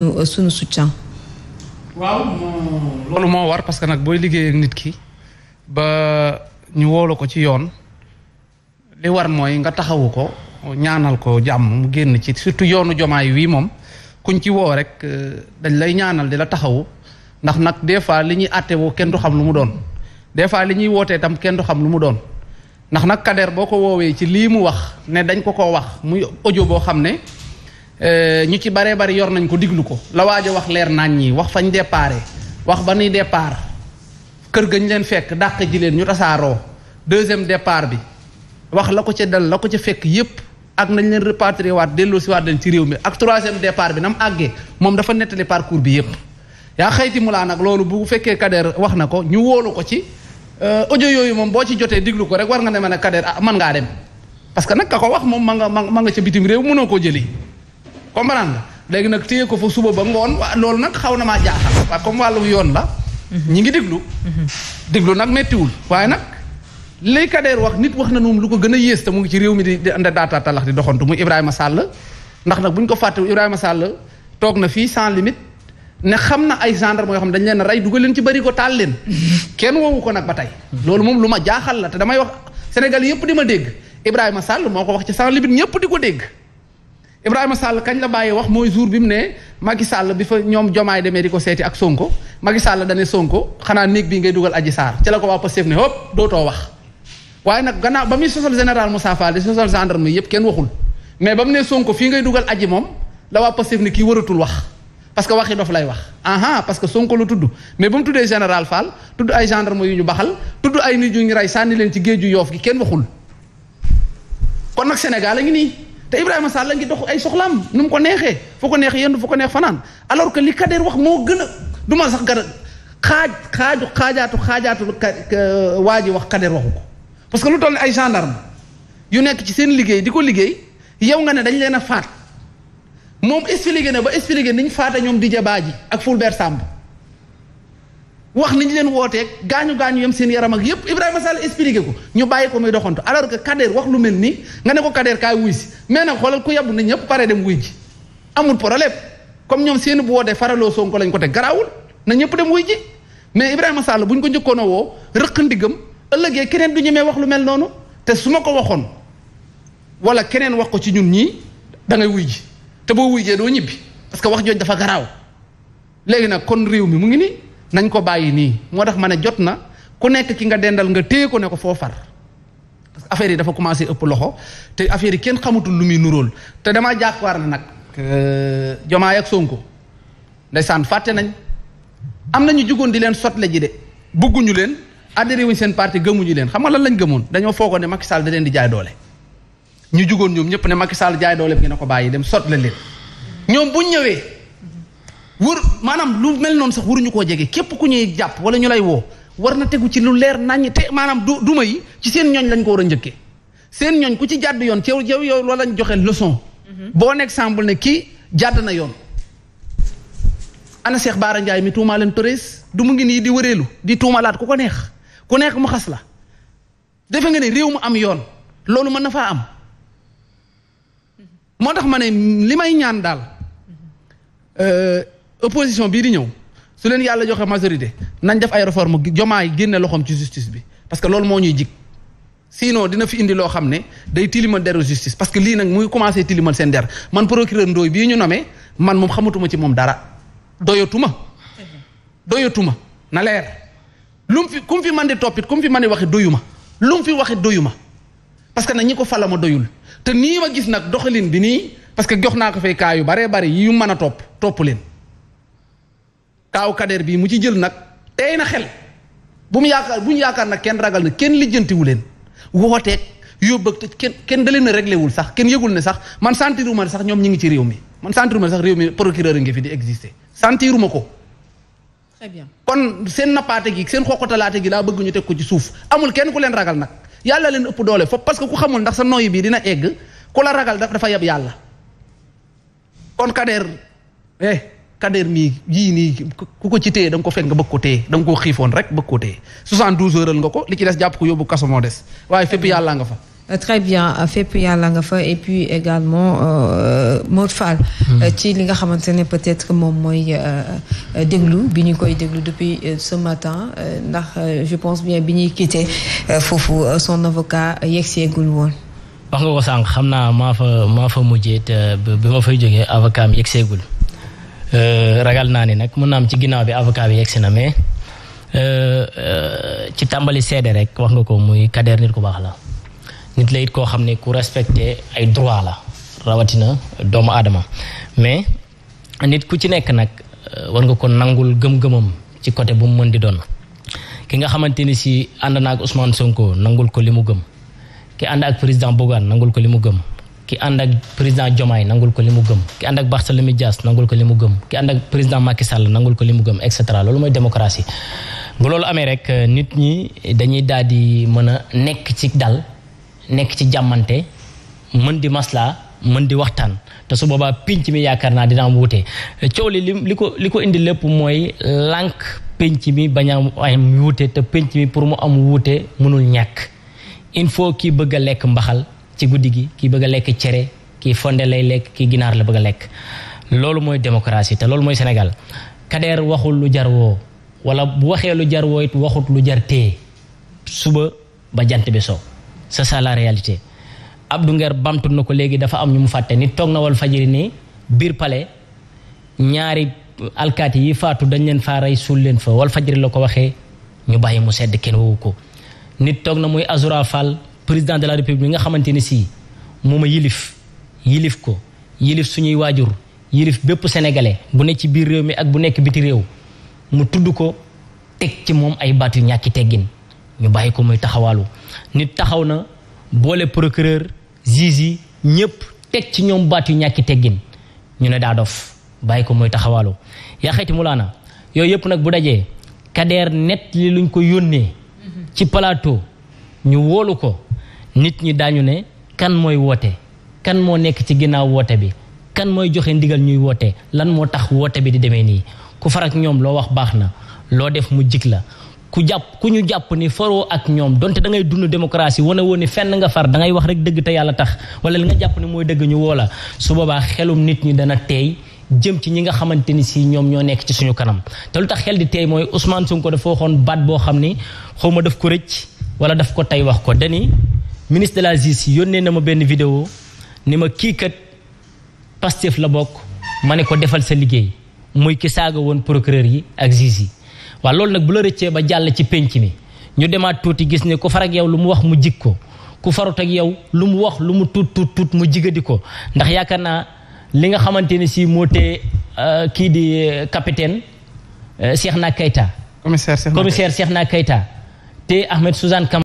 Euh, suñu soutien. waaw loolu moo war parce que nag booy liggéey nit ki ba ñu woolu ko ci yoon li war mooy nga taxawu ko ñaanal ko jàmm mu génn ci surtout yoonu jomaay wii moom kuñ ci woo rek euh, dañ lay ñaanal di la taxawu ndax nag des fois li ñuy àtte woo kenn du xam lu mu doon des fois li ñuy wootee tam kenn du xam lu mu doon ndax nag Kader boo ko woowee ci lii mu wax ne dañ ko ko wax muy audio boo xam ne. Euh, ñu ci baree bari yor nañ ko diglu ko la waaja wax leer naañ ñi wax fañ déparé wax ba nuy départ kër gañ leen fekk dàq ji leen ñu tasaaroo deuxième départ bi wax la ko ca dal la ko ca fekk yépp ak nañ leen repatrié waat delloo si waat leen ci réew mi ak troisième départ bi na mu àggee moom dafa nettali parcours bi yépp yaa xayti mu laa nag loolu bu fekkee Kader wax na ko ñu woolu ko ci euh, audio yooyu moom boo ci jotee diglu ko rek war nga ne mën a ah mën ngaa dem parce que nag ka wax moom ma nga ma nga ca bitim réew mënoo koo jëli comprendre nga léegi nag téye ko fa suba ba ngoon waa loolu nag xaw na maa jaaxal waaye comme wàllum yoon la mhm. ñi ngi déglu mhm. déglu nag méttiwul waaye nag li Kader wax nit wax na moom lu ko gën a yées te mu ngi ci réew mi di di anda daata talax di doxantu Ibrahima Sall ndax nag bu ñu ko fàtte Ibrahima Sall toog na fii sans limite ne xam na ay gendre yoo xam dañ leen rey dugal leen ci bari ko taal leen mhm. kenn woowu ko nag ba tey loolu moom lu ma jaaxal la te damay wax Sénégal yëpp di ma dégg Ibrahima sàll moo ko wax ci sans limite ñëpp di ko dégg Ibrahima Sall kañ la bàyyi wax mooy jour bi mu ne Macky Sall bi fa ñoom jomaay demee di ko seeti ak Sonko Macky Sall dane Sonko xanaa néeg bi ngay dugal aji saar ci la ko waa Pastef ne hop dootoo wax waaye nag gannaaw ba muy sosal général Moussa Fall di yëpp kenn waxul mais ba mu ne Sonko fi ngay dugal aji moom la waa Pastef ne kii waratul wax parce que waxi dof lay wax aha parce que Sonko lu tudd mais ba mu tuddee général Fall tudd ay gendarme yu ñu baxal tudd ay nit yu ñu rey sànni leen ci géeju yoof kenn waxul kon Sénégal a ngi nii te Ibrahima Sall la ngi dox ay soxlaam nu mu ko neexee fu ko neex yendu fu ko neex fanaan alors que li Kader wax moo gën a du ma sax gara xaaj xaaju xaajaatu xaajaatu waa ji wax Kader waxu ko parce que lu toll ay gendarme yu nekk ci seen liggéey di ko liggéey yow nga ne dañ leen a faat moom expliqué na ba expliqué niñ faata ñoom Didier Badji ak Fulbert Samb wax nañ leen wootee gaañu gaañu yam seen yaram ak yépp Ibrahima Sall expliqué ko ñu bàyyi ko muy doxantu alors que Kader wax lu mel nii nga ne ko Kader kaay wuy si mais nag ku yàbbu na ñëpp pare dem wuy ji amul problème comme ñoom seen bu wootee faraloo Sonko lañ ko teg garaawul na ñëpp dem wuy ji mais Ibrahima Sall buñ ko njëkkoon a woo rëq ndiggam ëllëgee keneen du ñemee wax lu mel noonu te su ma ko waxoon wala keneen wax ko ci ñun ñii da ngay wuy ji te boo wuy jee doo ñibbi parce que wax jooj dafa garaaw léegi nag kon réew mi mu ngi nii nañ ko bàyyi nii moo tax ma ne jot na ku nekk ki nga dendal nga téye ko ne ko foo far parce que affaire yi dafa commencé ëpp loxo te affaire kenn xamutul lu muy nurool te damaa jàkkaar na nag euh, jamaay ak Sonko ndeysaan fàtte nañ am na ñu jugoon di leen sotle ji de bugguñu leen adhéré wuñ seen parti gëmuñu leen xam nga lan lañ gëmoon dañoo foogoon ne Macky Sall da leen di jaay doole ñu jugoon ñoom ñëpp ne Macky Sall jaay doole bi ngeen ko bàyyi dem sotle leen ñoom buñ ñëwee. war maanaam lu mel noonu sax waruñu koo jege képp ku ñuy jàpp wala ñu lay woo war na tegu ci lu leer naññ te maanaam du duma yi ci seen ñooñ lañ ko war a njëkkee seen ñooñ ku ci jàdd yoon ci yow yow loolu joxee joxe leçon. Mhm. boo nekk exemple ne kii jàdd na yoon. ana Cheikh Baara Ndiaye mi tuumaa leen du mu ngi nii di wëreelu di tuumalaat ku ko neex ku neex mu xas la defe nga ne réew mu am yoon loolu mën na faa am. Mhm. moo tax ma ne li may ñaan daal. Mhm. Euh, opposition bii di ñëw su leen yàlla joxe majorité nañ def ay réforme jomaay génne loxoom ci justice bi parce que loolu moo ñuy jig sinon dina fi indi loo xam ne day tilimal deru justice parce que lii nag muy commencé tilimal seen der man procureur Ndoye bii ñu nomee man moom xamatuma ci moom dara doyatuma doyatuma na leer lu mu fi ku mu fi man di toppit ku mu fi man di waxi doyuma lu mu fi waxi doyuma parce que nag ñi ko falama doyul te nii ma gis nag doxalin bi nii parce que jox naa ko fay yu baree bari yu mën a topp topp leen kaaw kader bii mu ci jël nag tey na xel bu mu yaakaar bu ñu yaakaar nag kenn ragal na kenn lijjantiwu leen wooteeg yóbbëg te kenn kenn da leen a wul sax kenn yëgul ne sax man sentiruma ne sax ñoom ñu ngi ci réew mi man sentiruma ne sax réew mi procureur ngi fi di exister sentiruma ko. très bien kon seen nappaate gi seen xoqotalaate gi laa bëgg ñu teg ko ci suuf amul kenn ku leen ragal nag yàlla leen ëpp doole foofu parce que ku xamul ndax sa noyyi bi dina egg ku la ragal dafa yab yàlla kon kader eh, Kader mi yii nii ku ko ci téye da nga ko fekk nga bëgg ko téye da nga xiifoon rek bëgg ko téye 72 heures nga ko li ci des jàpp ko yóbbu kaso moo des waaye fépp yàlla nga fa. Euh, très bien euh, fépp yàlla nga fa et puis également euh, Modou Fall. Hmm. ci li nga xamante ne peut-être moom mooy déglu bi ñu koy déglu depuis ce matin ndax je pense bien bi ñuy quitté foofu son avocat yegg seegul woon. wax nga ko sànq xam naa maa fa maa fa mujjee te bi ma fay jógee avocat am yegg seegul. Euh, ragal naa ni nag mun naa am ci ginnaaw bi avocat bi yegsi na mais euh, euh, ci tàmbali seede rek wax nga ko muy Kader nit ku baax la nit la it koo xam ne ku respecté ay droit la rawatina doomu aadama mais nit ku ci nekk nag war nga ko nangul gëm-gëmam ci côté bu mu mën di doon ki nga xamante ni si ànd na ak Ousmane Sonko nangul ko li mu gëm ki ànd ak président Bougane nangul ko li mu gëm ki ànd ak président Diomaye nangul ko li mu gëm ki ànd ak Barthélémy Dias nangul ko li mu gëm ki ànd ak président Macky Sall nangul ko li mu gëm et cetera loolu mooy démocratie bu loolu amee rek euh, nit ñi dañuy daal di mën a nekk ci dal nekk ci jàmmante mën di maslaa mën di waxtaan te su boobaa pénc mi yaakaar naa dinaa am wutee coow li li ko li ko indi lépp mooy lànk pénc mi bañ a am wuute te pénc mi pour mu am wuute mënul ñàkk il faut kii bëgg a lekk mbaxal ci guddi gi kii bëgg a lekk cere kii fonde lay lekk kii ginaar la bëgg a lekk loolu mooy démocratie te loolu mooy Sénégal Kader waxul lu jar woo wala bu waxee lu jar woo it waxut lu jar téye suba ba jant bi soo sa ça la réalité Abdou Nguer na ko léegi dafa am ñu mu fàtte nit toog na wal fajiri nii biir pale ñaari alkaati yi faatu dañ leen faa rey suul leen fa wal fajiri la ko waxee ñu bàyyi mu sedd kenn woowu ko nit toog na muy Azura Fall président de la république nga xamante ne sii moom a yilif yilif ko yilif suñuy waajur yilif bépp sénégalais bu nekk ci biir réew mi ak bu nekk biti réew mu tudd ko teg ci moom ay baat yu ñàkki teggin ñu bàyyi ko muy taxawaalu nit taxaw na boole procureur juge yi ñépp teg ci ñoom baat yu ñàkki teggin ñu ne daa dof bàyyi ko muy taxawaalu yaa xayti mu laana yooyu yëpp nag bu dajee kadeer net li luñ ko yónnee ci plateau ñu woolu ko nit ñi daañu ne kan mooy woote kan moo nekk ci ginnaaw woote bi kan mooy joxe ndigal ñuy woote lan moo tax woote bi di demee nii ku farak ñoom loo wax baax na loo def mu jig la ku jàpp ku ñu jàpp ni faroo ak ñoom donte da ngay dund démocratie wane woon ni fenn nga far da ngay wax rek dëgg te yàlla tax wala li nga jàpp ni mooy dëgg ñu woo la su boobaa xelum nit ñi dana teey jëm ci ñi nga xamante ni si ñoom ñoo nekk ci suñu kanam te lu tax xel di teey mooy Ousmane Sonko dafa waxoon baat boo xam ni xaw ma daf ko rëcc wala daf ko tey wax ko dani ministre de la justice yónnee na ma benn vidéo ni ma kii kat Pastef la bokk ma ne ko defal sa liggéey muy ki saaga woon procureur yi ak juge yi waaw loolu nag bu la rëccee ba jàll ci pénc mi ñu demaat tuuti gis ne ku far ak yow lu mu wax mu jig ko ku farut ak yow lu mu wax lu mu tuut tuut tuut mu jigadi ko ndax yaakaar naa li nga xamante ne si moo tee euh, kii di euh, capitaine euh, Cheikhna Keita commissaire Cheikhna Keita te Ahmed Suzanne Kam